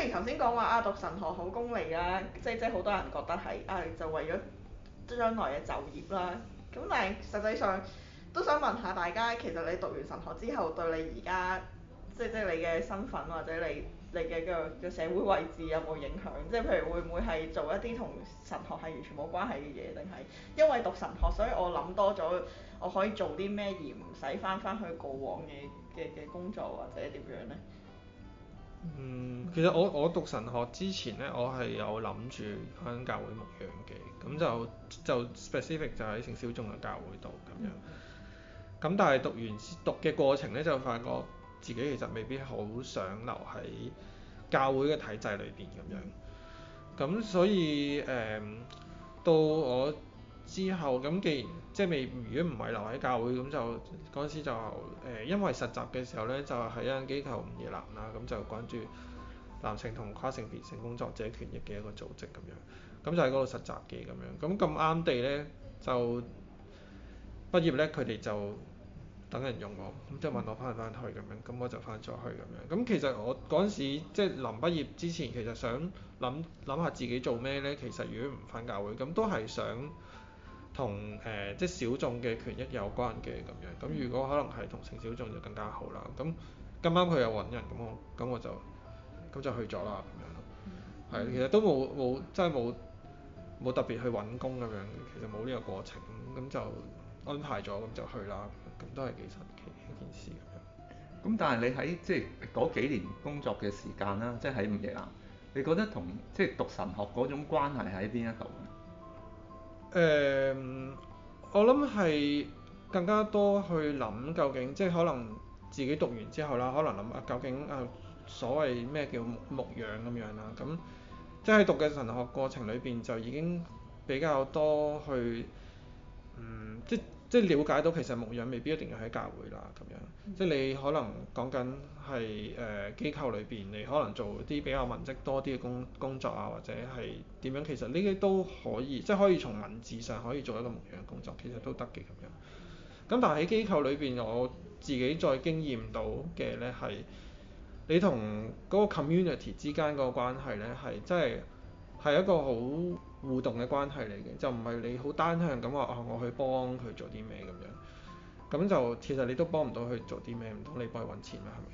即係頭先講話啊，讀神學好功利啦，即係即係好多人覺得係，啊就為咗將來嘅就業啦。咁但係實際上都想問下大家，其實你讀完神學之後，對你而家即係即係你嘅身份或者你你嘅個個社會位置有冇影響？即係譬如會唔會係做一啲同神學係完全冇關係嘅嘢，定係因為讀神學，所以我諗多咗我可以做啲咩而唔使返返去過往嘅嘅嘅工作或者點樣咧？嗯，其實我我讀神學之前咧，我係有諗住喺教會牧養嘅，咁就就 specific 就喺城小眾嘅教會度咁樣。咁但係讀完讀嘅過程咧，就發覺自己其實未必好想留喺教會嘅體制裏邊咁樣。咁所以誒、嗯，到我之後咁，既然即係未，如果唔係留喺教會，咁就嗰陣時就誒、呃，因為實習嘅時候咧，就喺、是、一間機構吳業林啊，咁就關注男性同跨性別性工作者權益嘅一個組織咁樣，咁就喺嗰度實習嘅咁樣。咁咁啱地咧，就畢業咧，佢哋就等人用我，咁即係問我翻唔翻去咁樣，咁我就翻咗去咁樣。咁其實我嗰陣時即係臨畢業之前，其實想諗諗下自己做咩咧。其實如果唔翻教會，咁都係想，同誒、呃、即小眾嘅權益有關嘅咁樣，咁如果可能係同性小眾就更加好啦。咁咁啱佢又揾人，咁我咁我就咁就去咗啦。咁樣係其實都冇冇真係冇冇特別去揾工咁樣，其實冇呢個過程咁，就安排咗咁就去啦。咁都係幾神奇一件事咁、嗯、但係你喺即嗰幾年工作嘅時間啦，即喺五邑啊，你覺得同即、即係、讀神學嗰種關係喺邊一度？誒，uh, 我諗係更加多去諗究竟，即係可能自己讀完之後啦，可能諗啊究竟啊所謂咩叫牧牧養咁樣啦，咁即係讀嘅神學過程裏邊就已經比較多去，嗯，即。即係了解到其實牧養未必一定要喺教會啦，咁樣。即係你可能講緊係誒機構裏邊，你可能做啲比較文職多啲嘅工工作啊，或者係點樣，其實呢啲都可以，即係可以從文字上可以做一個牧養嘅工作，其實都得嘅咁樣。咁但係喺機構裏邊，我自己再經驗到嘅咧係，你同嗰個 community 之間嗰個關係咧係真係係一個好互動嘅關係嚟嘅，就唔係你好單向咁話啊，我去幫佢做啲咩咁樣，咁就其實你都幫唔到佢做啲咩，唔通你幫佢揾錢咩？係咪？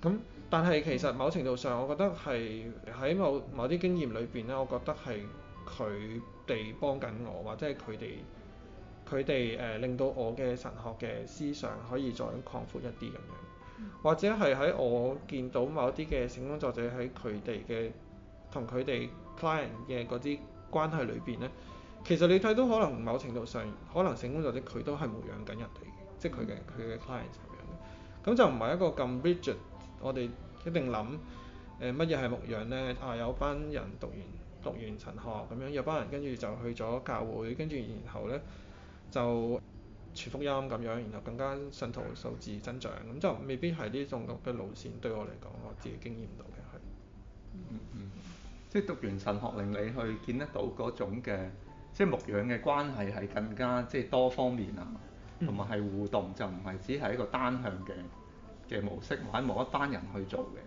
咁但係其實某程度上，我覺得係喺某某啲經驗裏邊咧，我覺得係佢哋幫緊我，或者係佢哋佢哋誒令到我嘅神學嘅思想可以再擴闊一啲咁樣，或者係喺我見到某啲嘅性工作者喺佢哋嘅同佢哋 client 嘅嗰啲關係裏邊咧，其實你睇到可能某程度上，可能性工作者佢都係牧養緊人哋嘅。嗯、即係佢嘅佢嘅 clients 咁樣，咁就唔係一個咁 rigid，我哋一定諗誒乜嘢係牧養咧？啊有班人讀完讀完神學咁樣，有班人跟住就去咗教會，跟住然後咧就傳福音咁樣，然後更加信徒數字增長，咁就未必係啲咁嘅路線。對我嚟講，我自己經驗到嘅係。嗯即係讀完神學，令你去見得到嗰種嘅，即係牧養嘅關係係更加即係多方面啊，同埋係互動，就唔係只係一個單向嘅嘅模式，或者某一班人去做嘅、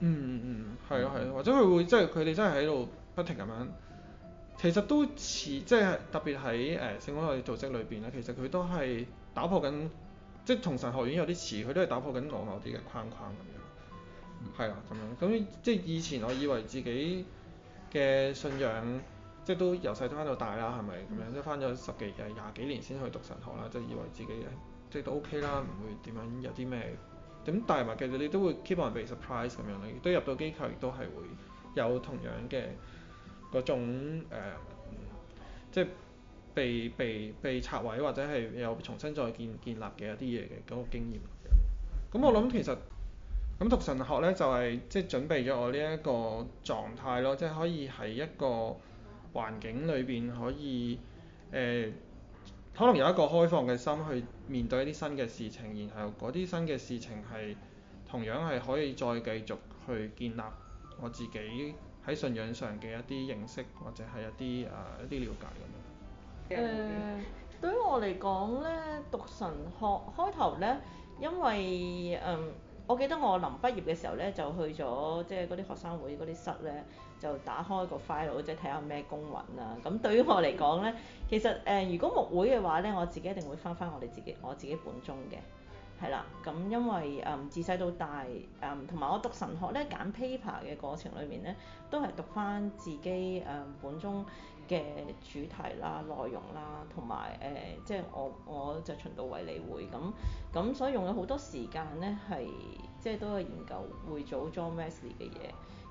嗯。嗯嗯嗯，係咯係咯，或者佢會即係佢哋真係喺度不停咁樣。其實都似即係、即係、特別喺誒聖公會組織裏邊咧，其實佢都係打破緊，即係同神學院有啲似，佢都係打破緊我某啲嘅框框咁樣，係啊咁樣。咁即係以前我以為自己嘅信仰，即係都由細都翻到大啦，係咪咁樣？即係翻咗十幾、廿幾年先去讀神學啦，即係以為自己即係都 OK 啦，唔會點樣有啲咩？點大埋其實你都會 keep 人被 surprise 咁樣啦。亦都入到機構，亦都係會有同樣嘅嗰種、呃、即係被被被拆毀或者係有重新再建建立嘅一啲嘢嘅嗰個經驗。咁我諗其實。咁讀神學咧就係、是、即係準備咗我呢一個狀態咯，即係可以喺一個環境裏邊可以誒、呃，可能有一個開放嘅心去面對一啲新嘅事情，然後嗰啲新嘅事情係同樣係可以再繼續去建立我自己喺信仰上嘅一啲認識或者係一啲誒、呃、一啲了解咁樣。誒、呃，對於我嚟講咧，讀神學開頭咧，因為誒。呃我記得我臨畢業嘅時候咧，就去咗即係嗰啲學生會嗰啲室咧，就打開個 file 即係睇下咩公文啦。咁對於我嚟講咧，其實誒、呃、如果木會嘅話咧，我自己一定會返返我哋自己我自己本宗嘅，係啦。咁因為誒、呃、自細到大誒，同、呃、埋我讀神學咧揀 paper 嘅過程裏面咧，都係讀返自己誒、呃、本宗，嘅主題啦、內容啦，同埋誒，即係我我就循道衛理會咁咁，所以用咗好多時間咧，係即係都係研究會組裝 Wesley 嘅嘢。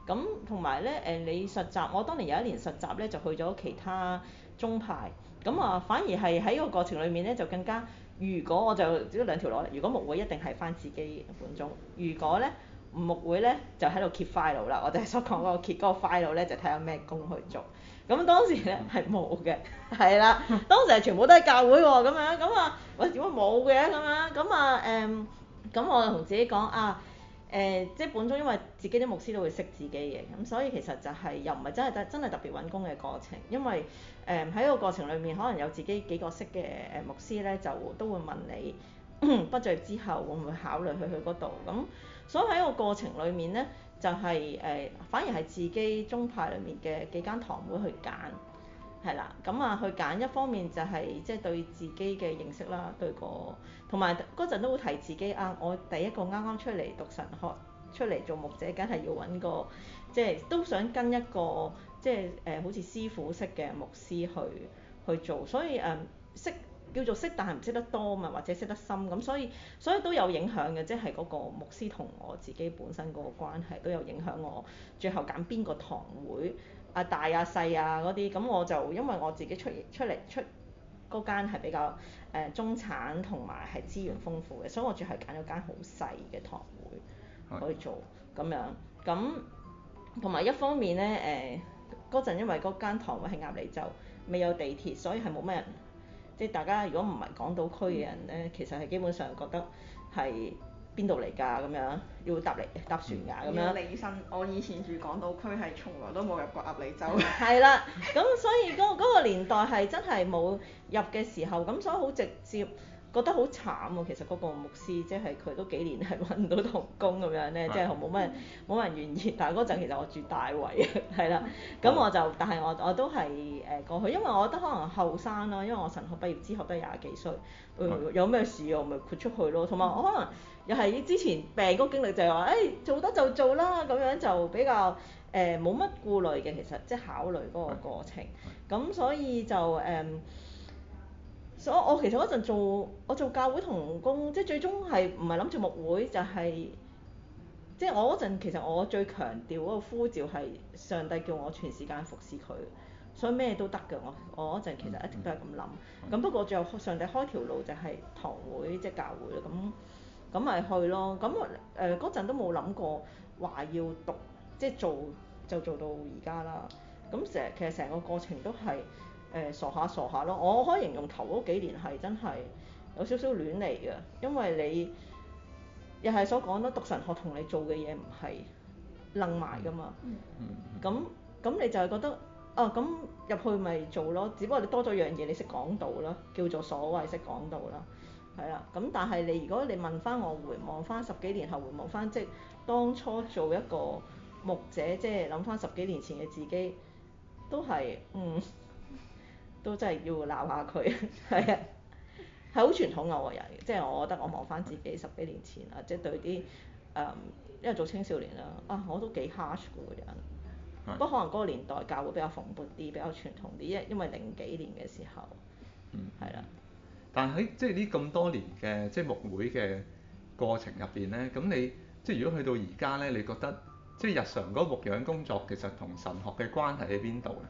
咁同埋咧誒，你實習，我當年有一年實習咧，就去咗其他中派。咁啊、呃，反而係喺個過程裡面咧，就更加如果我就只有兩條路咧，如果牧會一定係返自己本宗，如果咧唔牧會咧，就喺度 keep file 啦。我哋所講嗰個 keep 嗰、嗰個 file 咧，就睇下咩工去做。咁當時咧係冇嘅，係啦， 當時係全部都係教會喎、哦，咁樣，咁、嗯、啊，喂，點解冇嘅？咁樣，咁啊，誒，咁我就同自己講啊，誒，即係本宗，因為自己啲牧師都會識自己嘅，咁所以其實就係、是、又唔係真係特真係特別揾工嘅過程，因為誒喺、嗯、個過程裡面，可能有自己幾個識嘅誒牧師咧，就都會問你畢咗業之後會唔會考慮去去嗰度，咁，所以喺個過程裡面咧。就係、是、誒、呃，反而係自己宗派裏面嘅幾間堂會去揀。係啦，咁啊去揀一方面就係即係對自己嘅認識啦，對個同埋嗰陣都會提自己啊，我第一個啱啱出嚟讀神學，出嚟做牧者，梗係要揾個即係、就是、都想跟一個即係誒好似師傅式嘅牧師去去做，所以誒、嗯、識。叫做識，但係唔識得多啊嘛，或者識得深咁，所以所以都有影響嘅，即係嗰個牧師同我自己本身嗰個關係都有影響我最後揀邊個堂會，啊大啊細啊嗰啲，咁我就因為我自己出出嚟出嗰間係比較誒、呃、中產同埋係資源豐富嘅，所以我最後揀咗間好細嘅堂會去做咁是的 樣，咁同埋一方面咧誒嗰陣因為嗰間堂會係鴨脷洲，未有地鐵，所以係冇咩人。即係大家如果唔係港島區嘅人咧，嗯、其實係基本上覺得係邊度嚟㗎咁樣，要搭嚟搭船㗎咁、嗯、樣。李生，我以前住港島區係從來都冇入過鴨脷洲。 係啦，咁所以嗰、那、嗰、個那個年代係真係冇入嘅時候，咁所以好直接。覺得好慘喎、啊，其實嗰個牧師即係佢都幾年係揾唔到同工咁樣咧，即係冇乜冇人願意。但係嗰陣其實我住大圍啊，係啦，咁我就、哦、但係我我都係誒過去，因為我覺得可能後生啦，因為我神學畢業之後都係廿幾歲，呃、有咩事我咪豁出去咯。同埋我可能又係之前病嗰個經歷就係話，誒、哎、做得就做啦，咁樣就比較誒冇乜顧慮嘅，其實即係考慮嗰個過程。咁的所以就誒。嗯我我其實嗰陣做我做教會同工，即係最終係唔係諗住牧會就係、是，即係我嗰陣其實我最強調嗰個呼召係上帝叫我全時間服侍佢，所以咩都得嘅我我嗰陣其實一直都係咁諗，咁不過最後上帝開條路就係堂會即係教會啦，咁咁咪去咯，咁我誒嗰陣都冇諗過話要讀即係做就做到而家啦，咁成其實成個過程都係。誒、嗯、傻下傻下咯，我可以形容頭嗰幾年係真係有少少亂嚟嘅，因為你又係所講咯，讀神學同你做嘅嘢唔係楞埋噶嘛。嗯咁咁、嗯嗯、你就係覺得啊，咁入去咪做咯，只不過你多咗樣嘢，你識講道啦，叫做所謂識講道啦，係啊。咁但係你如果你問翻我回望翻，十幾年後回望翻，即係當初做一個牧者，即係諗翻十幾年前嘅自己，都係嗯。都真係要鬧下佢，係啊，係好傳統嘅人，即係我覺得我望翻自己十幾年前啊，即係對啲誒、嗯，因為做青少年啦，啊我都幾 harsh 嘅個人，不過的可能嗰個年代教會比較蓬勃啲，比較傳統啲，因因為零幾年嘅時候，嗯，係啦的。但係喺即係呢咁多年嘅即係牧會嘅過程入邊咧，咁你即係如果去到而家咧，你覺得即係日常嗰個牧養工作其實同神學嘅關係喺邊度咧？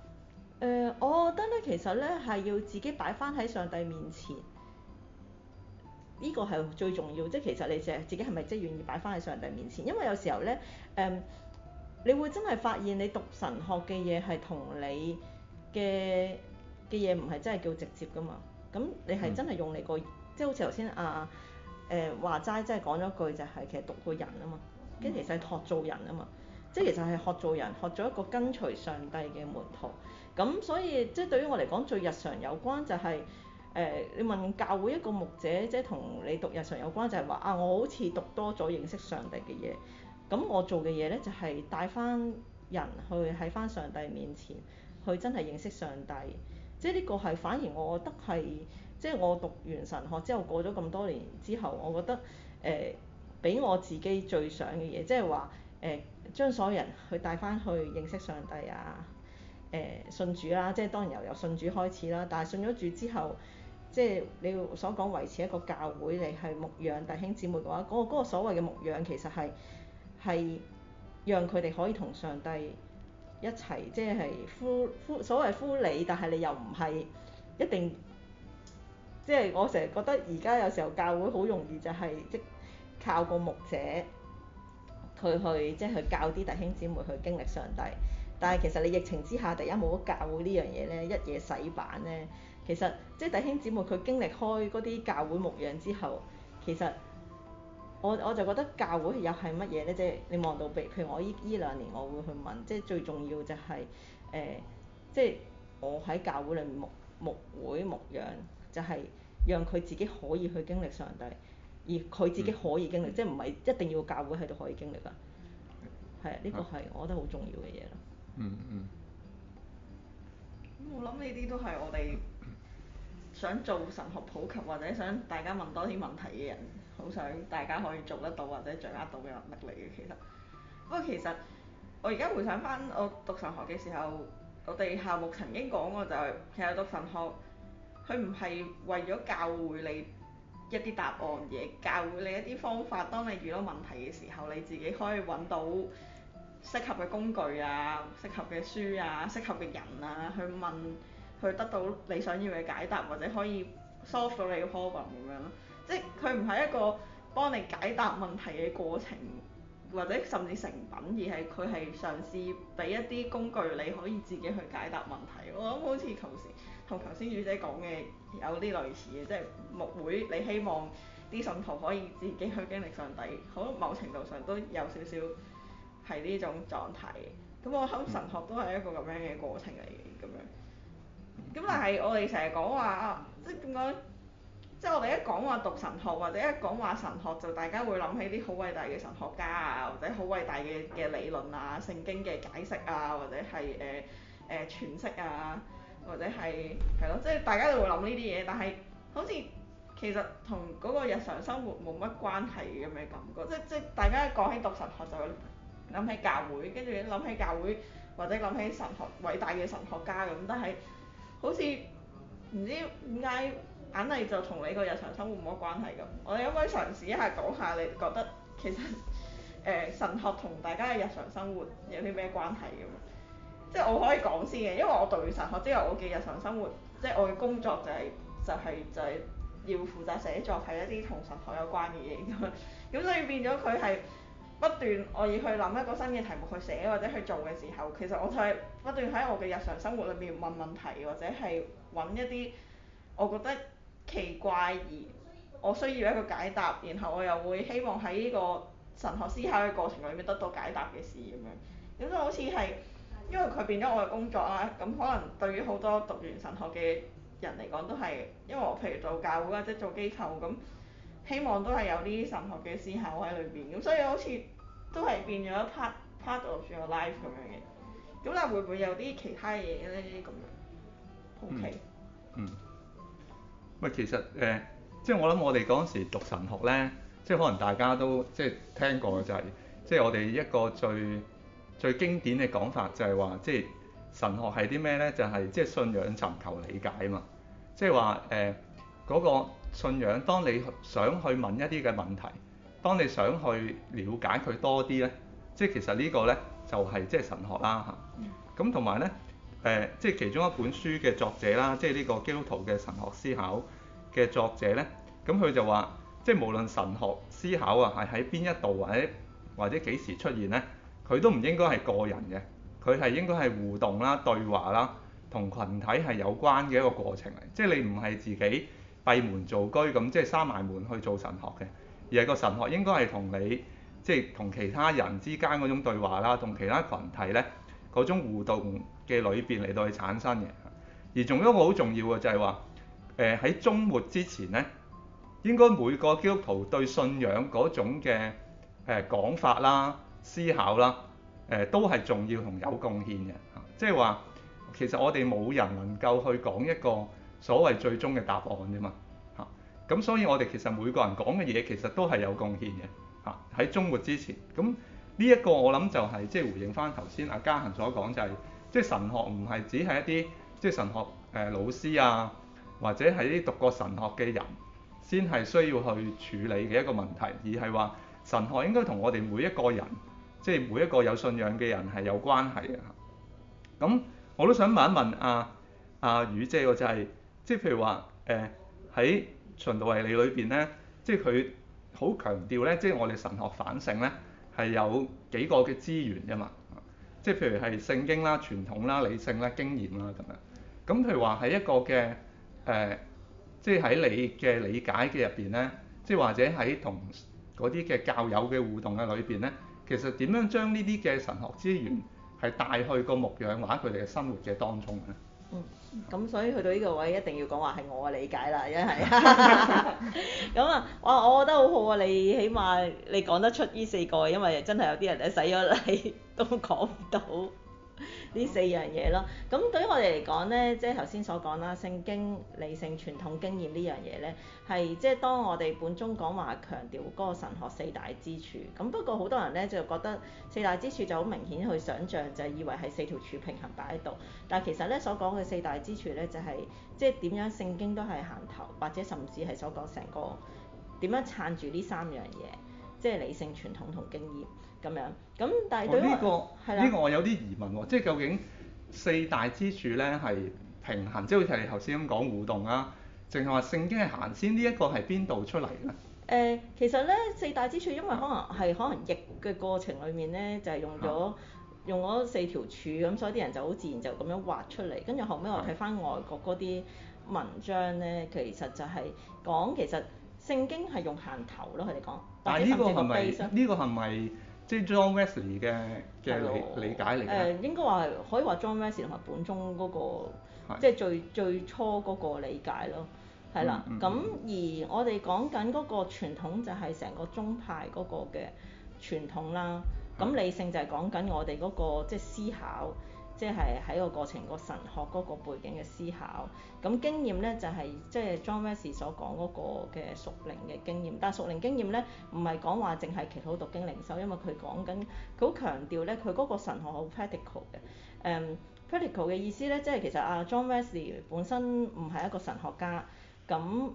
誒，uh, 我覺得咧，其實咧係要自己擺翻喺上帝面前，呢、這個係最重要。即係其實你淨係自己係咪即係願意擺翻喺上帝面前？因為有時候咧，誒、嗯，你會真係發現你讀神學嘅嘢係同你嘅嘅嘢唔係真係叫直接噶嘛。咁你係真係用嚟個，嗯、即係好似頭先阿誒話齋，真係講咗句就係其實讀個人啊嘛，跟、嗯、其實係學做人啊嘛，即係、嗯、其實係學做人，學咗一個跟隨上帝嘅門徒。咁所以即係、就是、對於我嚟講最日常有關就係、是、誒、呃、你問教會一個牧者，即係同你讀日常有關就係話啊，我好似讀多咗認識上帝嘅嘢，咁我做嘅嘢咧就係帶翻人去喺翻上帝面前去真係認識上帝，即係呢個係反而我覺得係即係我讀完神學之後過咗咁多年之後，我覺得誒俾、呃、我自己最想嘅嘢，即係話誒將所有人去帶翻去認識上帝啊。誒信主啦，即係當然由由信主開始啦。但係信咗主之後，即係你所講維持一個教會你係牧養弟兄姊妹嘅話，嗰、嗰個嗰個所謂嘅牧養其實係係讓佢哋可以同上帝一齊，即係呼呼所謂呼你，但係你又唔係一定。即係我成日覺得而家有時候教會好容易就係、係、即靠個牧者佢去即係去教啲弟兄姊妹去經歷上帝。但係其實你疫情之下第一冇咗教會呢樣嘢咧，一夜洗版咧，其實即係弟兄姊妹佢經歷開嗰啲教會牧養之後，其實我我就覺得教會又係乜嘢咧？即係你望到如譬如我依依兩年，我會去問，即係最重要就係誒，即係我喺教會裏面牧牧會牧養，就係、是、讓佢自己可以去經歷上帝，而佢自己可以經歷，嗯、即係唔係一定要教會喺度可以經歷㗎。係啊、嗯，呢、這個係我覺得好重要嘅嘢咯。嗯嗯。嗯，我諗呢啲都係我哋想做神學普及或者想大家問多啲問題嘅人，好想大家可以做得到或者掌握到嘅能力嚟嘅其實。不過其實我而家回想返我讀神學嘅時候，我哋校牧曾經講過就係、是、其實讀神學，佢唔係為咗教會你一啲答案嘢，教會你一啲方法，當你遇到問題嘅時候你自己可以揾到。適合嘅工具啊，適合嘅書啊，適合嘅人啊，去問去得到你想要嘅解答，或者可以 solve 到你 problem 咁樣咯。即係佢唔係一個幫你解答問題嘅過程，或者甚至成品，而係佢係嘗試俾一啲工具你可以自己去解答問題。我諗好似頭先同頭先主姐講嘅有啲類似嘅，即係牧會你希望啲信徒可以自己去經歷上帝，可某程度上都有少少，係呢種狀態，咁我諗神學都係一個咁樣嘅過程嚟嘅咁樣，咁但係我哋成日講話啊，即係點講？即係我哋一講話讀神學或者一講話神學就大家會諗起啲好偉大嘅神學家啊，或者好偉大嘅嘅理論啊、聖經嘅解釋啊，或者係誒誒詮釋啊，或者係係咯，即係大家就會諗呢啲嘢，但係好似其實同嗰個日常生活冇乜關係咁嘅感覺，即即係大家一講起讀神學就。諗起教會，跟住諗起教會或者諗起神學偉大嘅神學家咁，但係好似唔知點解硬係就同你個日常生活冇乜關係咁。我哋可唔可以嘗試一下講下你覺得其實誒、呃、神學同大家嘅日常生活有啲咩關係咁？即係我可以講先嘅，因為我讀完神學之後，我嘅日常生活即係我嘅工作就係、是、就係、是、就係、是、要負責寫作係一啲同神學有關嘅嘢咁樣，咁、 嗯、所以變咗佢係。不斷我要去諗一個新嘅題目去寫或者去做嘅時候，其實我就係不斷喺我嘅日常生活裏面問問題，或者係揾一啲我覺得奇怪而我需要一個解答，然後我又會希望喺呢個神學思考嘅過程裏面得到解答嘅事咁樣。咁就好似係因為佢變咗我嘅工作啦，咁可能對於好多讀完神學嘅人嚟講都係，因為我譬如做教會或者做機構咁。希望都係有啲神學嘅思考喺裏邊，咁所以好似都係變咗一 part part of your life 咁樣嘅。咁但係會唔會有啲其他嘢咧？咁樣，OK。嗯。唔係，其實誒、呃，即係我諗我哋嗰陣時讀神學咧，即係可能大家都即係聽過就係、是，即係我哋一個最最經典嘅講法就係、是、話，即係神學係啲咩咧？就係即係信仰尋求理解啊嘛。即係話誒嗰個。信仰，當你想去問一啲嘅問題，當你想去了解佢多啲咧，即係其實呢個咧就係即係神學啦嚇。咁同埋咧誒，即係其中一本書嘅作者啦，即係呢個基督徒嘅神學思考嘅作者咧，咁佢就話，即係無論神學思考啊，係喺邊一度或者或者幾時出現咧，佢都唔應該係個人嘅，佢係應該係互動啦、對話啦，同群體係有關嘅一個過程嚟，即係你唔係自己。閉門造居咁，即係閂埋門去做神學嘅，而係個神學應該係同你，即係同其他人之間嗰種對話啦，同其他群體咧嗰種互動嘅裏邊嚟到去產生嘅。而仲有一個好重要嘅就係話，誒喺終末之前咧，應該每個基督徒對信仰嗰種嘅誒講法啦、思考啦、誒都係重要同有貢獻嘅。即係話，其實我哋冇人能夠去講一個所謂最終嘅答案啫嘛嚇，咁、啊、所以我哋其實每個人講嘅嘢其實都係有貢獻嘅嚇，喺、啊、終末之前，咁呢一個我諗就係即係回應翻頭先阿嘉恒所講就係、是，即、就、係、是、神學唔係只係一啲即係神學誒、呃、老師啊，或者係啲讀過神學嘅人先係需要去處理嘅一個問題，而係話神學應該同我哋每一個人，即、就、係、是、每一個有信仰嘅人係有關係嘅。咁我都想問一問阿阿魚姐，我就係、是。即係譬如話，誒喺循道衛理裏邊咧，即係佢好強調咧，即係我哋神學反省咧係有幾個嘅資源㗎嘛。即係譬如係聖經啦、傳統啦、理性啦、經驗啦咁樣。咁譬如話喺一個嘅誒、呃，即係喺你嘅理解嘅入邊咧，即係或者喺同嗰啲嘅教友嘅互動嘅裏邊咧，其實點樣將呢啲嘅神學資源係帶去個牧養或者佢哋嘅生活嘅當中咧？嗯，咁所以去到呢個位一定要講話係我嘅理解啦，因為係，咁啊，哇，我覺得好好啊，你起碼你講得出呢四個，因為真係有啲人咧，洗咗禮都講唔到。呢四樣嘢咯，咁對於我哋嚟講呢，即係頭先所講啦，聖經、理性、傳統經驗、經驗呢樣嘢呢，係即係當我哋本中講話強調嗰個神學四大支柱，咁不過好多人呢，就覺得四大支柱就好明顯去想像，就是、以為係四條柱平衡擺喺度，但係其實呢，所講嘅四大支柱呢、就是，就係即係點樣聖經都係行頭，或者甚至係所講成個點樣撐住呢三樣嘢，即係理性、傳統同經驗。咁樣，咁但係對於係啦，呢個我有啲疑問喎、哦，即係究竟四大支柱咧係平衡，即係好似係頭先咁講互動啊，淨係話聖經係行先，呢、這、一個係邊度出嚟咧？誒、呃，其實咧四大支柱，因為可能係的可能譯嘅過程裡面咧，就係、是、用咗的用咗四條柱，咁所以啲人就好自然就咁樣畫出嚟。跟住後尾我睇翻外國嗰啲文章咧，的其實就係講其實聖經係用行頭咯，佢哋講，但係呢個唔係呢個係唔即係 John Wesley 嘅嘅理解嚟，誒、呃，應該話係可以話 John Wesley 同埋本宗嗰個，的即係最最初嗰個理解咯，係啦。咁而我哋講緊嗰個傳統就係成個宗派嗰個嘅傳統啦。咁的理性就係講緊我哋嗰個即係思考。即係喺個過程個神學嗰個背景嘅思考，咁經驗咧就係即係 John Wesley 所講嗰個嘅屬靈嘅經驗。但屬靈經驗咧唔係講話淨係祈禱讀經靈修，因為佢講緊，佢好強調咧佢嗰個神學好 practical 嘅，誒、嗯、practical 嘅意思咧即係其實阿、啊、John Wesley 本身唔係一個神學家，咁。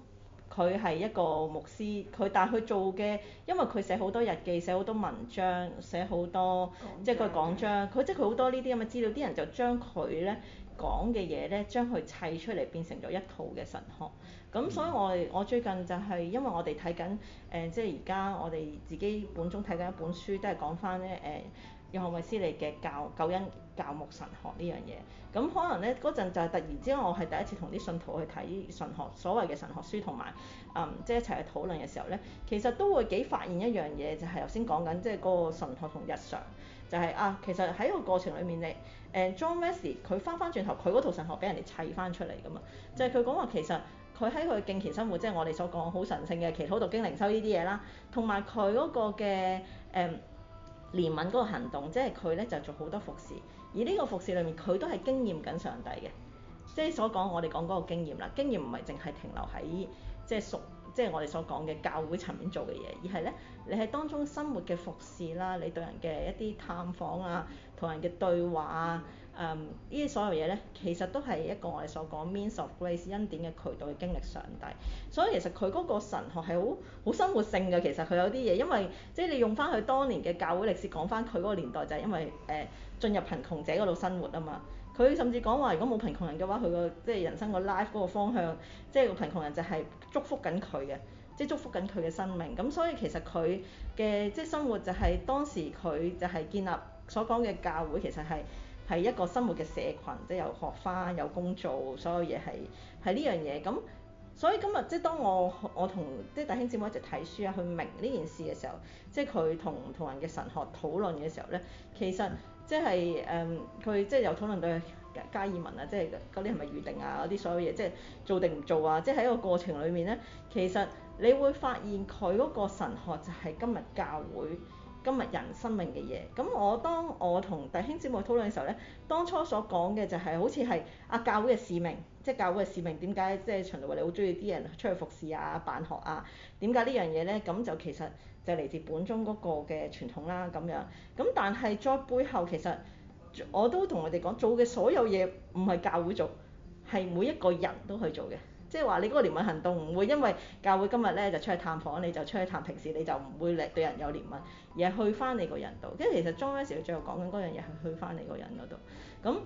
佢係一個牧師，佢但係佢做嘅，因為佢寫好多日記，寫好多文章，寫好多講講即係佢講章，佢即係佢好多呢啲咁嘅資料，啲人就將佢咧講嘅嘢咧，將佢砌出嚟變成咗一套嘅神學。咁所以我我最近就係因為我哋睇緊誒，即係而家我哋自己本中睇緊一本書，都係講翻咧誒。呃衛斯理嘅教救恩教牧神學呢樣嘢，咁、嗯、可能咧嗰陣就係突然之間，我係第一次同啲信徒去睇神學所謂嘅神學書同埋，即係、嗯就是、一齊去討論嘅時候咧，其實都會幾發現一樣嘢，就係頭先講緊即係嗰個神學同日常，就係、是、啊，其實喺個過程裡面你，誒、嗯、John Wesley 佢翻翻轉頭，佢嗰套神學俾人哋砌翻出嚟噶嘛，就係佢講話其實佢喺佢嘅敬虔生活，即、就、係、是、我哋所講好神聖嘅祈禱讀經靈修呢啲嘢啦，同埋佢嗰個嘅誒。嗯憐憫嗰個行動，即係佢咧就做好多服侍。而呢個服侍裏面佢都係經驗緊上帝嘅，即係所講我哋講嗰個經驗啦。經驗唔係淨係停留喺即係屬即係我哋所講嘅教會層面做嘅嘢，而係咧你喺當中生活嘅服侍啦，你對人嘅一啲探訪啊，同人嘅對話啊。呢啲、嗯、所有嘢咧，其實都係一個我哋所講 means of grace 恩典嘅渠道嘅經歷上帝。所以其實佢嗰個神學係好好生活性嘅。其實佢有啲嘢，因為即係你用翻佢當年嘅教會歷史講翻佢嗰個年代，就係、是、因為誒、呃、進入貧窮者嗰度生活啊嘛。佢甚至講話，如果冇貧窮人嘅話，佢個即係人生個 life 嗰個方向，即係個貧窮人就係祝福緊佢嘅，即係祝福緊佢嘅生命。咁所以其實佢嘅即係生活就係、是、當時佢就係建立所講嘅教會，其實係。係一個生活嘅社群，即係有學返、有工做，所有嘢係係呢樣嘢。咁所以今日即係當我我同即係弟兄姊妹一齊睇書啊，去明呢件事嘅時候，即係佢同同人嘅神學討論嘅時候咧，其實即係誒，佢、嗯、即係有討論到加爾文啊，即係嗰啲係咪預定啊，嗰啲所有嘢，即係做定唔做啊，即係喺一個過程裡面咧，其實你會發現佢嗰個神學就係今日教會。今日人生命嘅嘢，咁我當我同弟兄姊妹討論嘅時候咧，當初所講嘅就係、是、好似係阿教會嘅使命，即係教會嘅使命，點解即係成日話你好中意啲人出去服侍啊、辦學啊，點解呢樣嘢咧？咁就其實就嚟自本宗嗰個嘅傳統啦、啊、咁樣。咁但係再背後其實我都同佢哋講做嘅所有嘢唔係教會做，係每一個人都去做嘅。即係話你嗰個憐憫行動唔會因為教會今日咧，就出去探訪，你就出去探，平時你就唔會嚟對人有憐憫，而係去翻你個人度。即係其實中一時最後講緊嗰樣嘢係去翻你個人嗰度。咁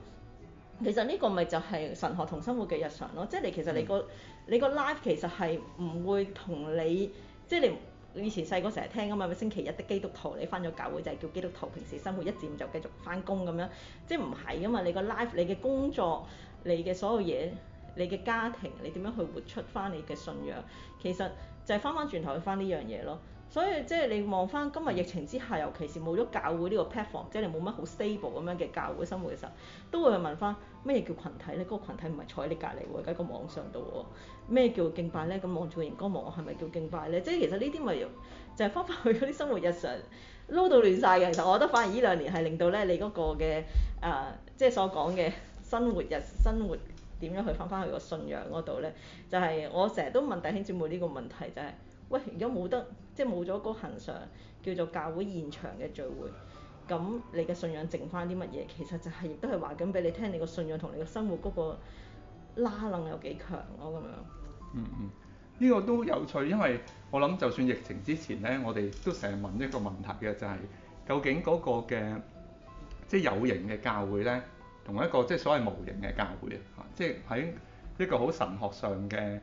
其實呢個咪就係神學同生活嘅日常咯。即係你其實你個你個 life 其實係唔會同你即係你以前細個成日聽㗎嘛，咪星期一的基督徒，你翻咗教會就係、是、叫基督徒平時生活一至五就繼續翻工咁樣，即係唔係㗎嘛？你個 life 你嘅工作你嘅所有嘢，你嘅家庭，你點樣去活出翻你嘅信仰？其實就係翻翻轉頭去翻呢樣嘢咯。所以即係你望翻今日疫情之下，尤其是冇咗教會呢個 platform，即係你冇乜好 stable 咁樣嘅教會生活嘅時候，都會去問翻咩叫群體咧？嗰、嗰個羣體唔係坐喺你隔離喎，喺個網上度喎。咩叫敬拜咧？咁望住個熒光幕係咪叫敬拜咧？即係其實呢啲咪就係翻翻去嗰啲生活日常撈到亂晒嘅。其實我覺得反而呢兩年係令到咧你嗰個嘅啊、呃，即係所講嘅生活日生活。點樣去翻翻去個信仰嗰度咧？就係、是、我成日都問弟兄姊妹呢個問題，就係、是、喂，如果冇得即係冇咗嗰恒常叫做教會現場嘅聚會，咁你嘅信仰剩翻啲乜嘢？其實就係、是、亦都係話緊俾你聽，你個信仰同你個生活嗰個拉楞有幾強咯、啊、咁樣。嗯嗯，呢、嗯，這個都有趣，因為我諗就算疫情之前咧，我哋都成日問一個問題嘅，就係、是、究竟嗰個嘅即係有形嘅教會咧。同一個即係所謂無形嘅教會啊，即係喺一個好神學上嘅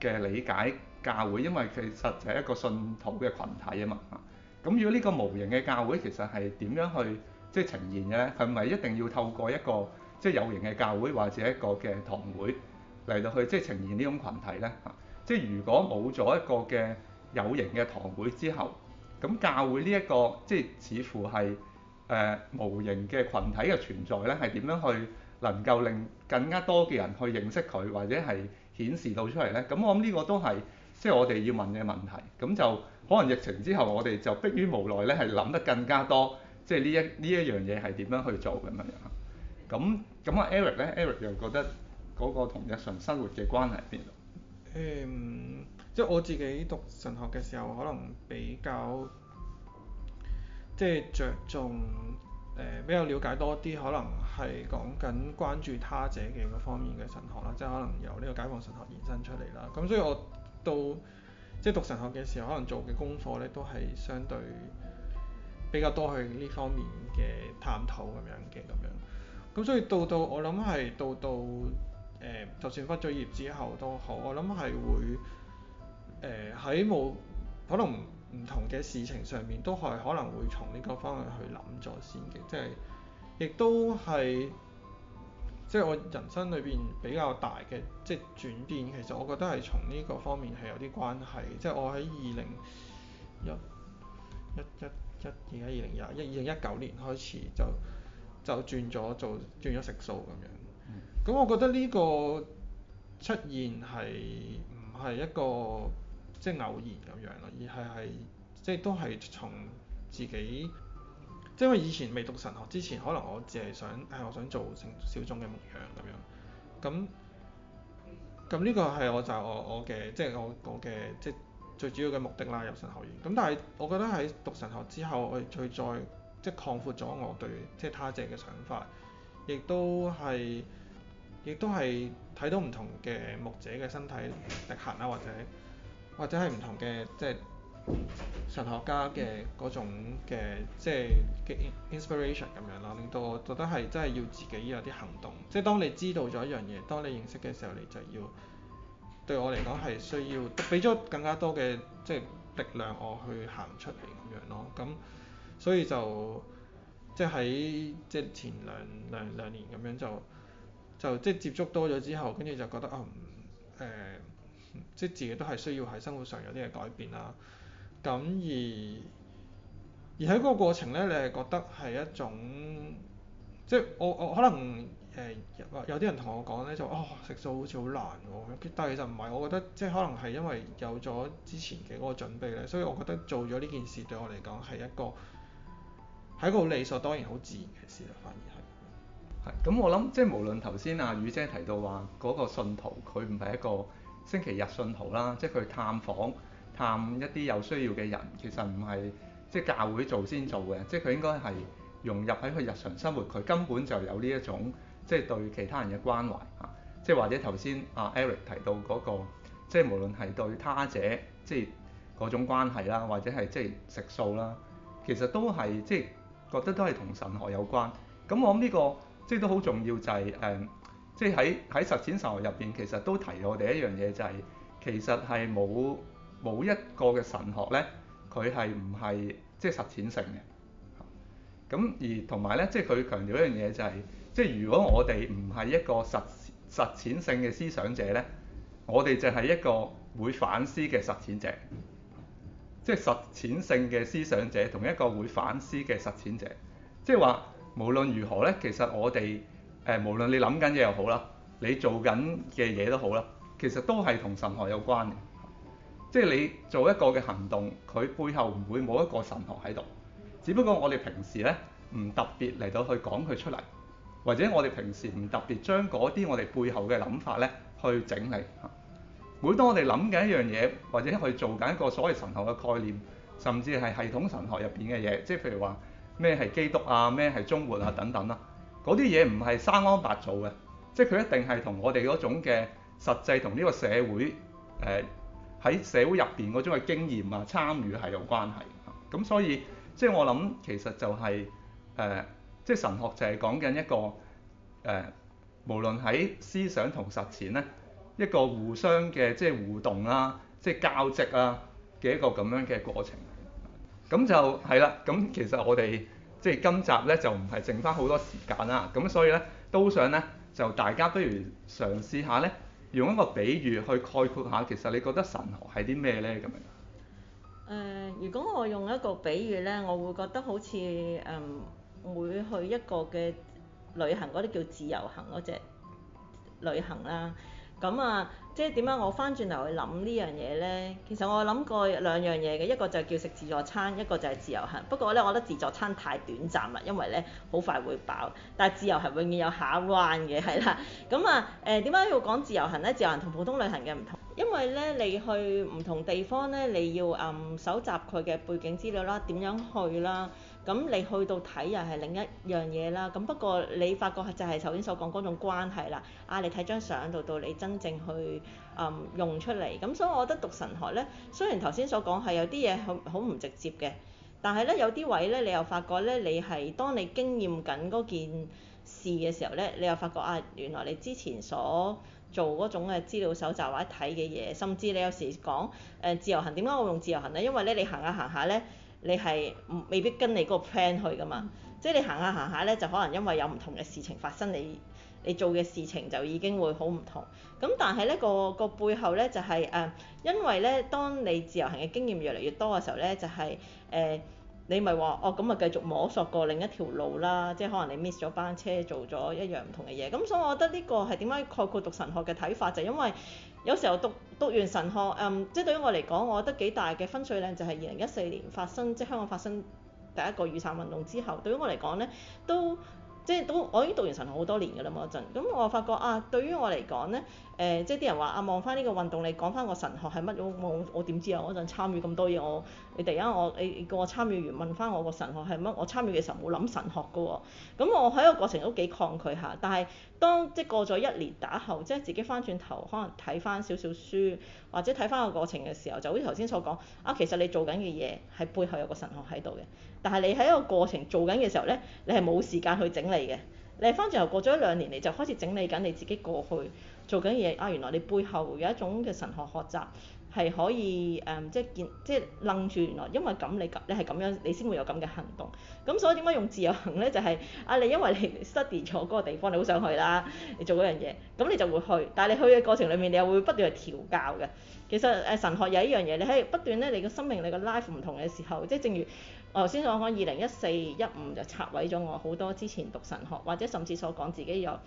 嘅理解教會，因為其實就係一個信徒嘅群體啊嘛。咁如果呢個無形嘅教會其實係點樣去即係呈現咧？係咪一定要透過一個即係有形嘅教會或者一個嘅堂會嚟到去即係呈現呢種群體咧？即係如果冇咗一個嘅有形嘅堂會之後，咁教會呢、這、一個即係似乎係。誒、呃、無形嘅群體嘅存在咧，係點樣去能夠令更加多嘅人去認識佢，或者係顯示到出嚟咧？咁我諗呢個都係即係我哋要問嘅問題。咁就可能疫情之後，我哋就迫於無奈咧，係諗得更加多，即係呢一呢一樣嘢係點樣去做咁樣樣。咁咁阿 Eric 咧，Eric 又覺得嗰個同日常生活嘅關係喺邊度？誒、嗯，即係我自己讀神學嘅時候，可能比較。即係着重誒、呃、比較了解多啲，可能係講緊關注他者嘅嗰方面嘅神學啦，即係可能由呢個解放神學延伸出嚟啦。咁所以我到，即係讀神學嘅時候，可能做嘅功課咧都係相對比較多去呢方面嘅探討咁樣嘅咁樣。咁所以到到我諗係到到誒、呃，就算畢咗業之後都好，我諗係會誒喺冇可能。唔同嘅事情上面都係可能會從呢個方向去諗咗先嘅，即係亦都係即係我人生裏邊比較大嘅即係轉變，其實我覺得係從呢個方面係有啲關係，即係我喺二零一一一一二啊二零廿一二零一九年開始就就轉咗做轉咗食素咁樣。咁我覺得呢個出現係唔係一個？即係偶然咁樣咯，而係係即係都係從自己，即係因為以前未讀神學之前，可能我只係想誒，我想做成小眾嘅牧養咁樣。咁咁呢個係我就我我嘅，即係我即我嘅即係最主要嘅目的啦，入神學院。咁但係我覺得喺讀神學之後，我最再即係擴闊咗我對即係他者嘅想法，亦都係亦都係睇到唔同嘅牧者嘅身體力行啊，或者。或者係唔同嘅，即係神學家嘅嗰種嘅，即係嘅 inspiration 咁樣咯，令到我覺得係真係要自己有啲行動。即係當你知道咗一樣嘢，當你認識嘅時候，你就要對我嚟講係需要俾咗更加多嘅，即係力量我去行出嚟咁樣咯。咁所以就即係喺即係前兩兩兩年咁樣就就即係接觸多咗之後，跟住就覺得啊誒。呃呃即係自己都係需要喺生活上有啲嘢改變啦。咁而而喺嗰個過程咧，你係覺得係一種即係我我可能誒、呃、有啲人同我講咧，就係、哦食素好似好難喎、哦。但係其實唔係，我覺得即係可能係因為有咗之前嘅嗰個準備咧，所以我覺得做咗呢件事對我嚟講係一個係一個理所當然、好自然嘅事啦。反而係係咁，我諗即係無論頭先阿魚姐提到話嗰、嗰個信徒，佢唔係一個星期日信徒啦，即係佢探訪探一啲有需要嘅人，其實唔係即係教會做先做嘅，即係佢應該係融入喺佢日常生活，佢根本就有呢一種即係對其他人嘅關懷嚇，即係或者頭先阿 Eric 提到嗰、那個，即係無論係對他者即係嗰種關係啦，或者係即係食素啦，其實都係即係覺得都係同神學有關。咁我諗呢、這個即係都好重要就係、是、誒。即係喺喺實踐神學入邊，其實都提我哋一樣嘢、就係，就係其實係冇冇一個嘅神學咧，佢係唔係即係實踐性嘅？咁而同埋咧，即係佢強調一樣嘢就係、係，即係如果我哋唔係一個實實踐性嘅思想者咧，我哋就係一個會反思嘅實踐者。即係實踐性嘅思想者同一個會反思嘅實踐者，即係話無論如何咧，其實我哋。誒，無論你諗緊嘢又好啦，你做緊嘅嘢都好啦，其實都係同神學有關嘅，即係你做一個嘅行動，佢背後唔會冇一個神學喺度，只不過我哋平時咧唔特別嚟到去講佢出嚟，或者我哋平時唔特別將嗰啲我哋背後嘅諗法咧去整理。每當我哋諗緊一樣嘢，或者去做緊一個所謂神學嘅概念，甚至係系統神學入邊嘅嘢，即係譬如話咩係基督啊，咩係中活啊等等啦。嗰啲嘢唔係生安白做嘅，即係佢一定係同我哋嗰種嘅實際同呢個社會誒喺、呃、社會入邊嗰種嘅經驗啊參與係有關係。咁、嗯、所以即係我諗其實就係、是、誒、呃、即係神學就係講緊一個誒、呃、無論喺思想同實踐咧一個互相嘅即係互動啦、啊，即係交織啊嘅一個咁樣嘅過程。咁、嗯、就係啦。咁其實我哋。即係今集咧就唔係剩返好多時間啦，咁所以咧都想咧就大家不如嘗試下咧用一個比喻去概括下，其實你覺得神學係啲咩咧咁樣？誒、呃，如果我用一個比喻咧，我會覺得好似誒、呃、每去一個嘅旅行嗰啲叫自由行嗰隻旅行啦。咁啊，即係點解我翻轉頭去諗呢樣嘢呢？其實我諗過兩樣嘢嘅，一個就係叫食自助餐，一個就係自由行。不過咧，我覺得自助餐太短暫啦，因為咧好快會飽。但係自由行永遠有下 r o 嘅，係啦。咁 啊、嗯，誒，點解要講自由行呢？自由行同普通旅行嘅唔同，因為咧你去唔同地方咧，你要誒蒐、嗯、集佢嘅背景資料啦，點樣去啦。咁你去到睇又係另一樣嘢啦，咁不過你發覺就係頭先所講嗰種關係啦。啊，你睇張相到到你真正去、嗯、用出嚟，咁所以我覺得讀神學呢，雖然頭先所講係有啲嘢好好唔直接嘅，但係呢，有啲位呢，你又發覺呢，你係當你經驗緊嗰件事嘅時候呢，你又發覺啊，原來你之前所做嗰種嘅資料蒐集或者睇嘅嘢，甚至你有時講誒自由行，點解我用自由行呢？因為呢，你行下行下呢。你係唔未必跟你嗰個 plan 去㗎嘛，即係你行下行下咧，就可能因為有唔同嘅事情發生，你你做嘅事情就已經會好唔同。咁但係咧、個個背後咧就係、是、誒、呃，因為咧當你自由行嘅經驗越嚟越多嘅時候咧，就係、是、誒、呃、你咪話哦咁啊繼續摸索過另一條路啦，即係可能你 miss 咗班車做咗一樣唔同嘅嘢。咁所以我覺得呢個係點解概括讀神學嘅睇法就係、因為。有時候讀讀完神學，嗯，即係對於我嚟講，我覺得幾大嘅分水嶺就係二零一四年發生，即係香港發生第一個雨傘運動之後。對於我嚟講咧，都即係都，我已經讀完神學好多年㗎啦，嗰陣，咁我發覺啊，對於我嚟講咧。誒、呃，即係啲人話啊，望翻呢個運動你講翻個神學係乜、哦？我我點知啊？我嗰陣參與咁多嘢，我你突然間我你叫我參與完問翻我個神學係乜？我參與嘅時候冇諗神學嘅喎、哦，咁、嗯、我喺個過程都幾抗拒下。但係當即係過咗一年打後，即係自己翻轉頭可能睇翻少少書，或者睇翻個過程嘅時候，就好似頭先所講啊，其實你做緊嘅嘢係背後有個神學喺度嘅。但係你喺個過程做緊嘅時候咧，你係冇時間去整理嘅。你翻轉頭過咗一兩年你就開始整理緊你自己過去，做緊嘢啊！原來你背後有一種嘅神學學習係可以誒、呃，即係見即係愣住。原來因為咁你你係咁樣你先會有咁嘅行動。咁所以點解用自由行咧？就係、是、啊，你因為你 study 咗嗰個地方，你好想去啦，你做嗰樣嘢，咁你就會去。但係你去嘅過程裡面，你又會不斷去調教嘅。其實誒、呃，神學有一樣嘢，你喺不斷咧，你個生命你個 life 唔同嘅時候，即係正如我頭先所講，二零一四一五就拆毀咗我好多之前讀神學或者甚至所講自己有。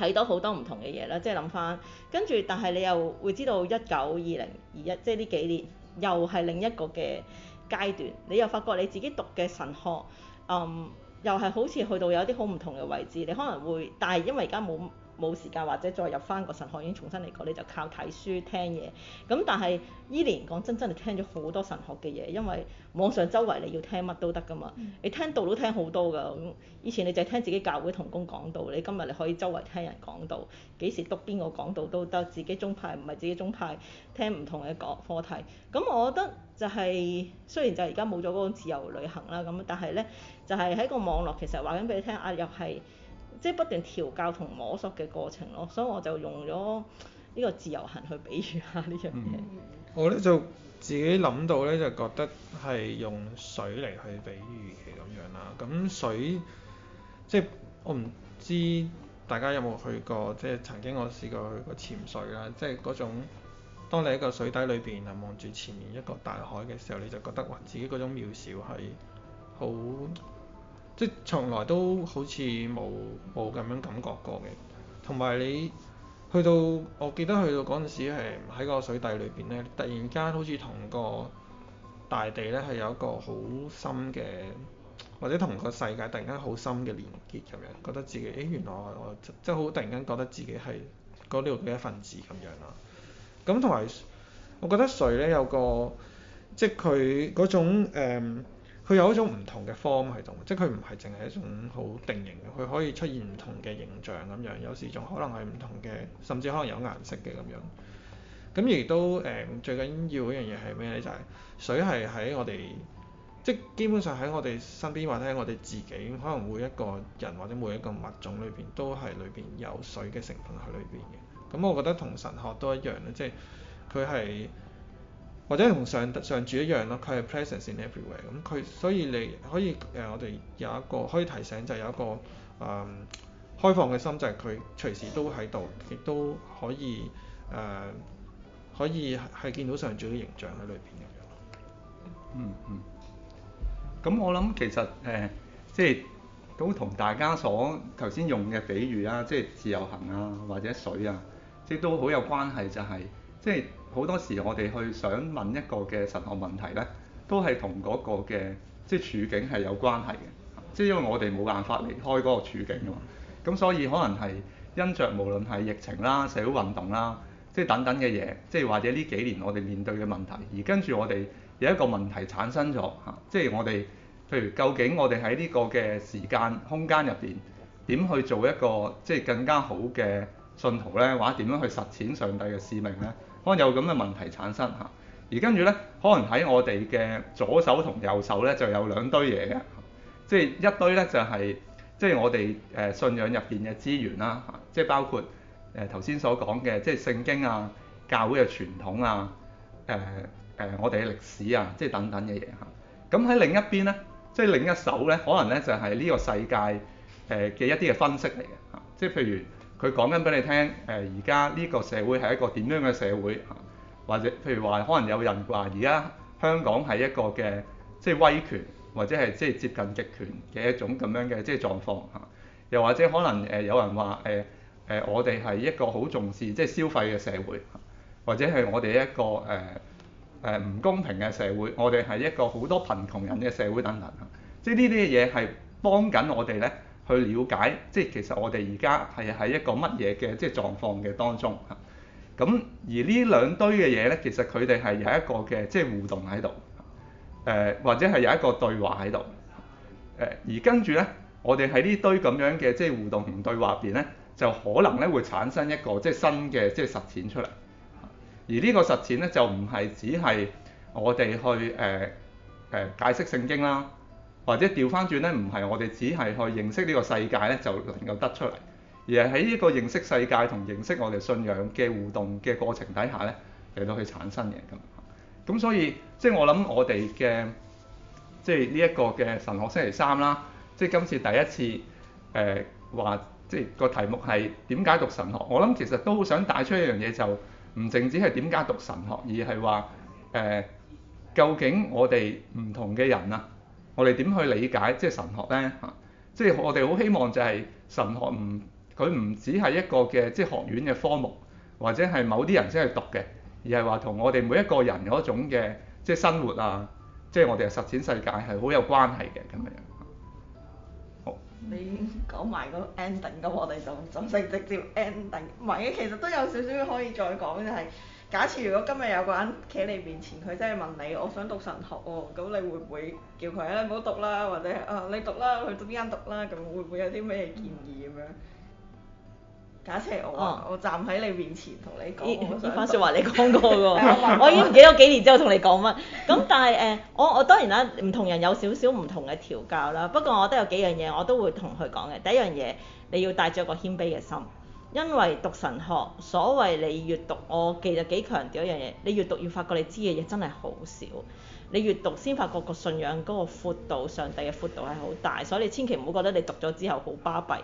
睇到好多唔同嘅嘢啦，即係諗翻，跟住但係你又會知道一九二零二一，即係呢幾年又係另一個嘅階段。你又發覺你自己讀嘅神學，嗯，又係好似去到有啲好唔同嘅位置。你可能會，但係因為而家冇。冇時間或者再入翻個神學院重新嚟過，你就靠睇書聽嘢。咁但係依年講真真係聽咗好多神學嘅嘢，因為網上周圍你要聽乜都得噶嘛。你聽到都聽好多噶。咁以前你就係聽自己教會同工講道，你今日你可以周圍聽人講道，幾時督邊個講道都得。自己中派唔係自己中派，聽唔同嘅講課題。咁我覺得就係、是、雖然就而家冇咗嗰種自由旅行啦，咁但係咧就係、是、喺個網絡其實話緊俾你聽啊，又係。即係不斷調教同摸索嘅過程咯，所以我就用咗呢個自由行去比喻下呢樣嘢。我咧就自己諗到咧，就覺得係用水嚟去比喻嘅咁樣啦。咁水即係我唔知大家有冇去過，即係曾經我試過去過潛水啦。即係嗰種，當你喺個水底裏邊啊，望住前面一個大海嘅時候，你就覺得哇，自己嗰種渺小係好～即係從來都好似冇冇咁樣感覺過嘅，同埋你去到我記得去到嗰陣時係喺個水底裏邊咧，突然間好似同個大地咧係有一個好深嘅，或者同個世界突然間好深嘅連結咁樣，覺得自己誒、欸、原來我即係真係好突然間覺得自己係嗰度嘅一份子咁樣咯。咁同埋我覺得水咧有個即係佢嗰種、嗯佢有一種唔同嘅 form 係同，即係佢唔係淨係一種好定型嘅，佢可以出現唔同嘅形象咁樣，有時仲可能係唔同嘅，甚至可能有顏色嘅咁樣。咁亦都誒、嗯、最緊要一樣嘢係咩咧？就係、是、水係喺我哋，即基本上喺我哋身邊或者喺我哋自己，可能每一個人或者每一個物種裏邊都係裏邊有水嘅成分喺裏邊嘅。咁我覺得同神學都一樣咧，即係佢係。或者同上上主一樣咯，佢係 presence in everywhere。咁佢所以你可以誒、呃，我哋有一個可以提醒，就有一個誒、嗯、開放嘅心，就係、是、佢隨時都喺度，亦都可以誒、呃，可以係見到上主嘅形象喺裏邊咁樣，嗯。嗯嗯。咁我諗其實誒，即、呃、係、就是、都同大家所頭先用嘅比喻啊，即、就、係、是、自由行啊，或者水啊，即、就、係、是、都好有關係，就是，就係即係。好多時我哋去想問一個嘅神學問題咧，都係同嗰個嘅即係處境係有關係嘅，即係因為我哋冇辦法離開嗰個處境啊嘛。咁所以可能係因着無論係疫情啦、社會運動啦，即係等等嘅嘢，即係或者呢幾年我哋面對嘅問題，而跟住我哋有一個問題產生咗嚇，即係我哋譬如究竟我哋喺呢個嘅時間空間入邊點去做一個即係更加好嘅信徒咧，或者點樣去實踐上帝嘅使命咧？可能有咁嘅問題產生嚇，而跟住咧，可能喺我哋嘅左手同右手咧，就有兩堆嘢嘅，即係一堆咧就係即係我哋誒信仰入邊嘅資源啦，即係包括誒頭先所講嘅，即係聖經啊、教會嘅傳統啊、誒、呃、誒、呃、我哋嘅歷史啊，即係等等嘅嘢嚇。咁喺另一邊咧，即係另一手咧，可能咧就係、是、呢個世界誒嘅一啲嘅分析嚟嘅，即係譬如。佢講緊俾你聽，誒而家呢個社會係一個點樣嘅社會？或者譬如話，可能有人話而家香港係一個嘅即係威權，或者係即係接近極權嘅一種咁樣嘅即係狀況嚇。又或者可能誒有人話誒誒我哋係一個好重視即係消費嘅社會，或者係我哋一個誒誒唔公平嘅社會，我哋係一個好多貧窮人嘅社會等等。即係呢啲嘢係幫緊我哋咧。去了解，即係其實我哋而家係喺一個乜嘢嘅即係狀況嘅當中啊。咁而呢兩堆嘅嘢咧，其實佢哋係有一個嘅即係互動喺度，誒或者係有一個對話喺度，誒而跟住咧，我哋喺呢堆咁樣嘅即係互動同對話入面咧，就可能咧會產生一個即係新嘅即係實踐出嚟。而呢個實踐咧就唔係只係我哋去誒誒、呃呃、解釋聖經啦。或者調翻轉咧，唔係我哋只係去認識呢個世界咧，就能夠得出嚟，而係喺呢個認識世界同認識我哋信仰嘅互動嘅過程底下咧嚟到去產生嘅咁。咁所以即係我諗我哋嘅即係呢一個嘅神學星期三啦，即係今次第一次誒話、呃，即係個題目係點解讀神學？我諗其實都好想帶出一樣嘢，就唔淨止係點解讀神學，而係話誒究竟我哋唔同嘅人啊。我哋點去理解即係神學咧嚇？即係我哋好希望就係神學，唔佢唔只係一個嘅即係學院嘅科目，或者係某啲人先去讀嘅，而係話同我哋每一個人嗰種嘅即係生活啊，即係我哋嘅實踐世界係好有關係嘅咁樣。好。你講埋個 ending 咁，我哋就就先直接 ending。唔係，其實都有少少可以再講嘅係。就係假設如果今日有個人企你面前，佢真係問你，我想讀神學喎，咁你會唔會叫佢咧唔好讀啦，或者啊你讀啦，去邊間讀啦？咁會唔會有啲咩建議咁樣？假設我、哦、我站喺你面前同你講，呢呢番說話你講過㗎，我已經唔記得幾年之後同你講乜。咁但係誒、呃，我我當然啦，唔同人有少少唔同嘅調教啦。不過我都有幾樣嘢我都會同佢講嘅。第一樣嘢，你要帶著個謙卑嘅心。因為讀神學，所謂你閱讀，我其實幾強調一樣嘢，你閱讀要發覺你知嘅嘢真係好少，你閱讀先發覺個信仰嗰個闊度，上帝嘅闊度係好大，所以你千祈唔好覺得你讀咗之後好巴閉，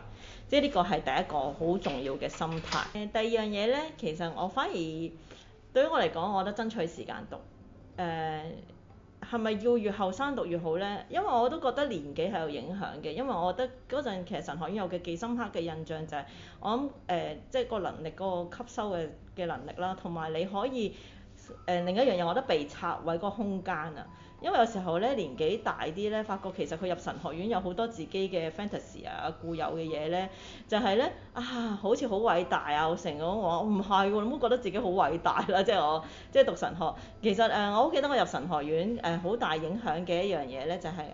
即係呢個係第一個好重要嘅心態。誒、呃，第二樣嘢咧，其實我反而對於我嚟講，我覺得爭取時間讀，誒、呃。係咪要越後生讀越好咧？因為我都覺得年紀係有影響嘅，因為我覺得嗰陣其實神學院有嘅幾深刻嘅印象就係、是、我諗誒、即、呃、係、就是、個能力、嗰個吸收嘅嘅能力啦，同埋你可以誒、呃，另一樣嘢，我覺得被拆毀嗰個空間啊。因為有時候咧，年紀大啲咧，發覺其實佢入神學院有好多自己嘅 fantasy 啊、固有嘅嘢咧，就係、是、咧啊，好似好偉大啊，成咁講，唔係喎，你都覺得自己好偉大啦、啊，即係我即係讀神學。其實誒、呃，我好記得我入神學院誒好、呃、大影響嘅一樣嘢咧，就係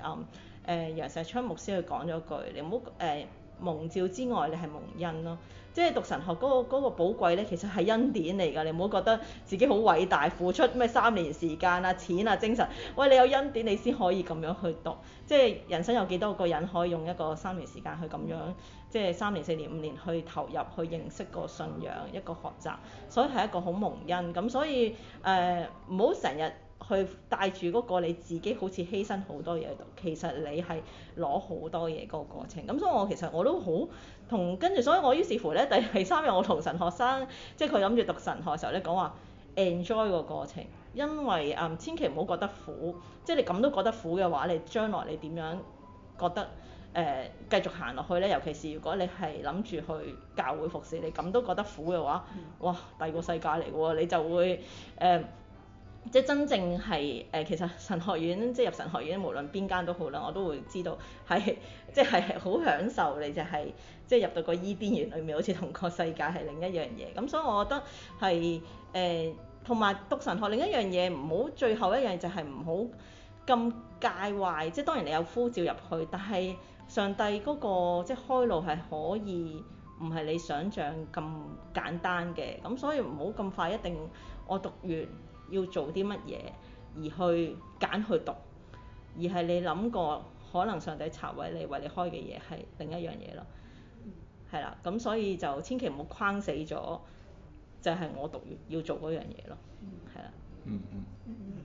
誒楊石昌牧師佢講咗句，你唔好誒。呃蒙照之外，你係蒙恩咯。即係讀神學嗰個嗰個寶貴咧，其實係恩典嚟㗎。你唔好覺得自己好偉大，付出咩三年時間啊、錢啊、精神。喂，你有恩典，你先可以咁樣去讀。即係人生有幾多個人可以用一個三年時間去咁樣，嗯、即係三年、四年、五年去投入去認識個信仰一個學習，所以係一個好蒙恩。咁所以誒，唔好成日。去帶住嗰個你自己好似犧牲好多嘢度，其實你係攞好多嘢嗰個過程。咁所以我其實我都好同跟住，所以我於是乎咧，第第三日我同神學生，即係佢諗住讀神學嘅時候咧講話，enjoy 個過程，因為誒、嗯、千祈唔好覺得苦，即係你咁都覺得苦嘅話，你將來你點樣覺得誒、呃、繼續行落去咧？尤其是如果你係諗住去教會服侍，你咁都覺得苦嘅話，哇，第二個世界嚟嘅喎，你就會誒。呃即係真正係誒、呃，其實神學院即係入神學院，無論邊間都好啦，我都會知道係即係好享受。你就係、是、即係入到個伊甸園裏面，好似同個世界係另一樣嘢。咁所以我覺得係誒，同、呃、埋讀神學另一樣嘢，唔好最後一樣就係唔好咁介懷。即係當然你有呼召入去，但係上帝嗰、那個即係開路係可以唔係你想像咁簡單嘅。咁所以唔好咁快一定我讀完。要做啲乜嘢，而去揀去讀，而係你諗過可能上帝拆位你為你開嘅嘢係另一樣嘢咯，係啦、嗯，咁所以就千祈唔好框死咗，就係、是、我讀完要做嗰樣嘢咯，係啦、嗯的嗯，嗯嗯嗯嗯，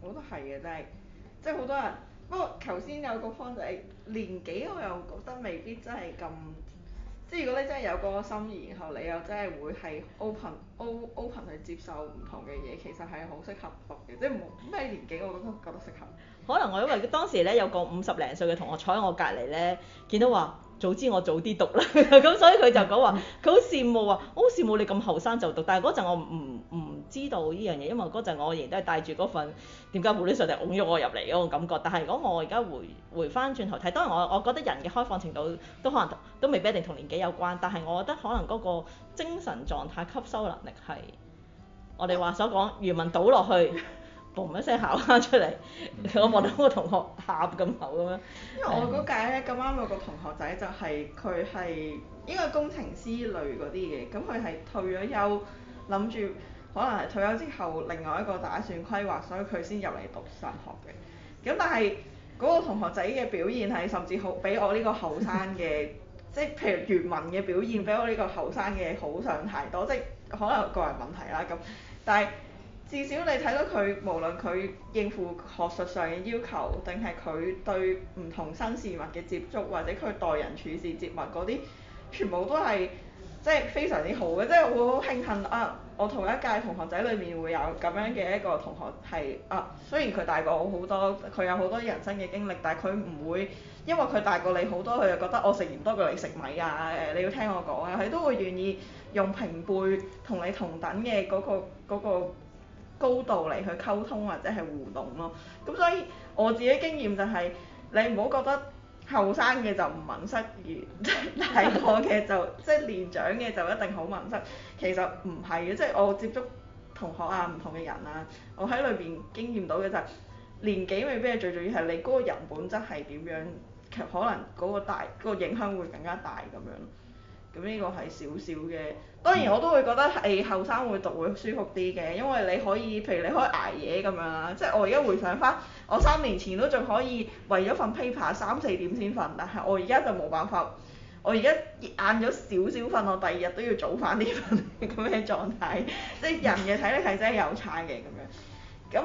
我都係嘅，真係，即係好多人，不過頭先有個方仔，就是、年紀我又覺得未必真係咁。即係如果你真係有個心，然後你又真係會係 open、open 去接受唔同嘅嘢，其實係好適合讀嘅，即係冇咩年紀，我覺得覺得適合。 可能我因為當時咧有個五十零歲嘅同學坐喺我隔籬咧，見到話。早知我早啲讀啦，咁所以佢就講話，佢好羨慕啊，我好羨慕你咁後生就讀，但係嗰陣我唔唔知道呢樣嘢，因為嗰陣我仍然都係帶住嗰份點解無端端嚟擁咗我入嚟嗰種感覺，但係如果我而家回，回回翻轉頭睇，當然我我覺得人嘅開放程度都可能都未必一定同年紀有關，但係我覺得可能嗰個精神狀態吸收能力係我哋話所講漁民倒落去。 嘣一聲喊翻出嚟，我望到個同學嚇咁口咁樣。嗯、因為我嗰屆咧，咁啱有個同學仔就係佢係應該工程師類嗰啲嘅。咁佢係退咗休，諗住可能係退休之後另外一個打算規劃，所以佢先入嚟讀神學嘅。咁但係嗰個同學仔嘅表現係甚至好俾我呢個後生嘅， 即係譬如原文嘅表現俾我呢個後生嘅好上太多， 即係可能個人問題啦咁，但係。至少你睇到佢，無論佢應付學術上嘅要求，定係佢對唔同新事物嘅接觸，或者佢待人處事接物嗰啲，全部都係即係非常之好嘅，即係我好慶幸啊！我同一屆同學仔裏面會有咁樣嘅一個同學係啊，雖然佢大過我好多，佢有好多人生嘅經歷，但係佢唔會因為佢大過你好多，佢就覺得我食鹽多過你食米啊，誒你要聽我講啊，佢都會願意用平輩同你同等嘅嗰個嗰個，嗰個高度嚟去溝通或者係互動咯，咁所以我自己經驗就係、是、你唔好覺得後生嘅就唔文質，而大個嘅就即係、就是、年長嘅就一定好文質，其實唔係嘅，即、就、係、是、我接觸同學啊唔同嘅人啊，我喺裏邊經驗到嘅就係、是、年紀未必係最重要，係你嗰個人本質係點樣，其實可能嗰個大、嗰個影響會更加大咁樣。咁呢個係少少嘅，當然我都會覺得係後生會讀會舒服啲嘅，因為你可以，譬如你可以捱夜咁樣啦。即係我而家回想翻，我三年前都仲可以為咗份 paper 三四點先瞓，但係我而家就冇辦法。我而家晏咗少少瞓，我第二日都要早翻啲瞓咁嘅狀態，即係人嘅體力係真係有差嘅咁樣。咁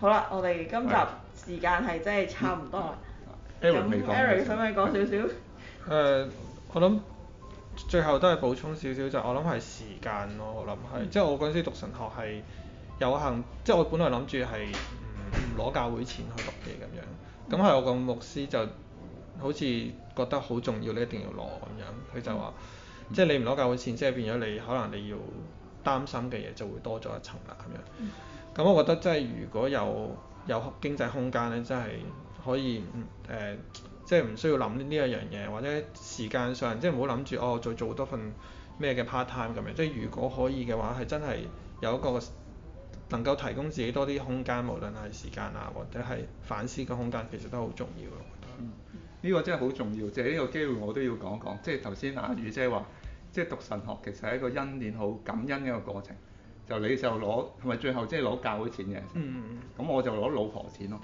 好啦，我哋今集時間係真係差唔多啦。咁 Eric 可唔可以講少少？誒、呃，我諗。最後都係補充少少，就我諗係時間咯，我諗係，嗯、即係我嗰陣時讀神學係有幸，即係我本來諗住係唔攞教會錢去讀嘅咁樣，咁係我個牧師就好似覺得好重要，你一定要攞咁樣，佢就話，嗯、即係你唔攞教會錢，即係變咗你可能你要擔心嘅嘢就會多咗一層啦咁樣，咁、嗯、我覺得即係如果有有經濟空間咧，真係可以嗯、呃即係唔需要諗呢一樣嘢，或者時間上即係唔好諗住哦，再做多份咩嘅 part time 咁樣。即係如果可以嘅話，係真係有一個能夠提供自己多啲空間，無論係時間啊，或者係反思嘅空間，其實都好重要。嗯，呢個真係好重要，即係呢個機會我都要講講。即係頭先阿魚姐話，即係讀神學其實係一個恩典好感恩嘅一個過程。就你就攞係咪最後即係攞教會錢嘅？咁、嗯嗯嗯、我就攞老婆錢咯，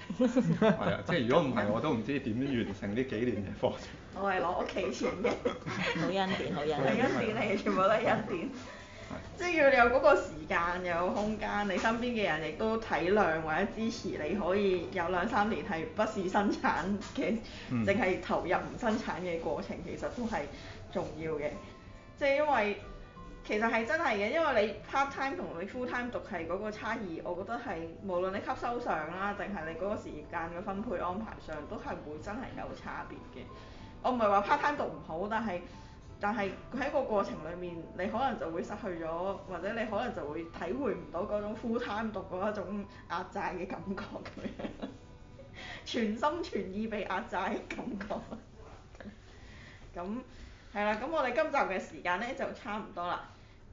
係啊！即係如果唔係，我都唔知點完成呢幾年嘅課程。我係攞屋企錢嘅，好恩典，好恩。係恩典嚟，全部都係恩典。即係要你有嗰個時間、有空間，你身邊嘅人亦都體諒或者支持你，可以有兩三年係不是生產嘅，淨係投入唔生產嘅過程，其實都係重要嘅。即係因為。其實係真係嘅，因為你 part time 同你 full time 讀係嗰個差異，我覺得係無論你吸收上啦，定係你嗰個時間嘅分配安排上，都係會真係有差別嘅。我唔係話 part time 讀唔好，但係但係喺個過程裡面，你可能就會失去咗，或者你可能就會體會唔到嗰種 full time 讀嗰一種壓榨嘅感覺咁樣， 全心全意被壓榨嘅感覺。咁係啦，咁我哋今集嘅時間咧就差唔多啦。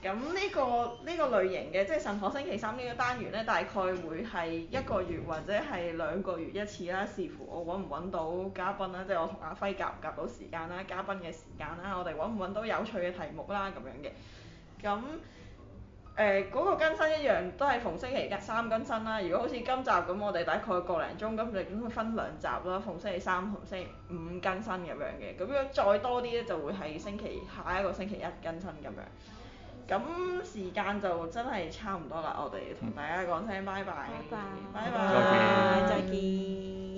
咁呢個呢個類型嘅，即係神學星期三呢個單元呢，大概會係一個月或者係兩個月一次啦，視乎我揾唔揾到嘉賓啦，即係我同阿暉夾唔夾到時間啦，嘉賓嘅時間啦，我哋揾唔揾到有趣嘅題目啦咁樣嘅。咁誒嗰個更新一樣都係逢星期三更新啦。如果好似今集咁，我哋大概個零鐘咁，我哋咁會分兩集啦，逢星期三同星期五更新咁樣嘅。咁樣再多啲咧，就會係星期下一個星期一更新咁樣。咁時間就真係差唔多啦，我哋同大家講聲拜拜，拜拜，再見。